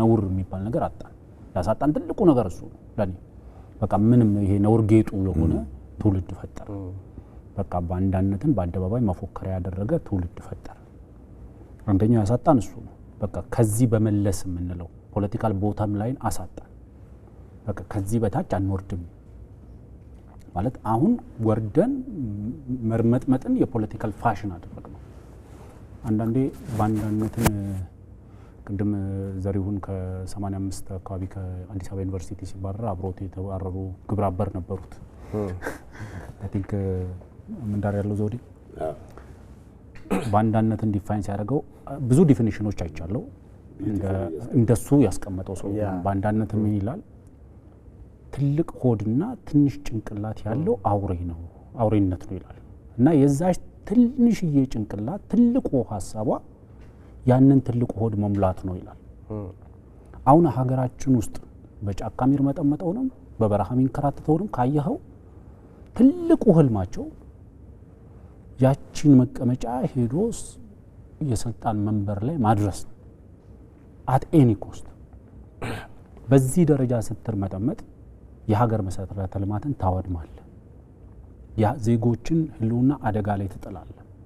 ነውር የሚባል ነገር አጣን። ያሳጣን ትልቁ ነገር እሱ ነው በቃ ምንም ይሄ ነውር ጌጡ የሆነ ትውልድ ፈጠር። በቃ ባንዳነትን በአደባባይ መፎከሪያ ያደረገ ትውልድ ፈጠር። አንደኛው ያሳጣን እሱ ነው። በቃ ከዚህ በመለስ የምንለው ፖለቲካል ቦታም ላይን አሳጣን። በቃ ከዚህ በታች አንወርድም ማለት አሁን ወርደን መርመጥመጥን የፖለቲካል ፋሽን አደረግ ነው። አንዳንዴ ባንዳነትን ቅድም ዘሪሁን ከ85 አካባቢ ከአዲስ አበባ ዩኒቨርሲቲ ሲባረር አብሮት የተባረሩ ግብረ አበር ነበሩት። አይ ቲንክ ምንዳር ያለው ዘውዴ በአንዳነት እንዲፋይን ሲያደርገው ብዙ ዲፊኒሽኖች አይቻለው። እንደሱ ያስቀመጠው ሰው በአንዳነት ምን ይላል? ትልቅ ሆድና ትንሽ ጭንቅላት ያለው አውሬ ነው አውሬነት ነው ይላል እና የዛች ትንሽዬ ጭንቅላት ትልቁ ሀሳቧ ያንን ትልቅ ሆድ መሙላት ነው ይላል። አሁን ሀገራችን ውስጥ በጫካ የሚርመጠመጠው ነው፣ በበረሃ የሚንከራተተው ነው። ካየኸው ትልቁ ህልማቸው ያቺን መቀመጫ ሄዶ የስልጣን መንበር ላይ ማድረስ ነው። አት ኤኒ ኮስት በዚህ ደረጃ ስትርመጠመጥ የሀገር መሰረተ ልማትን ታወድማለህ። ዜጎችን ህልውና አደጋ ላይ ትጥላለህ።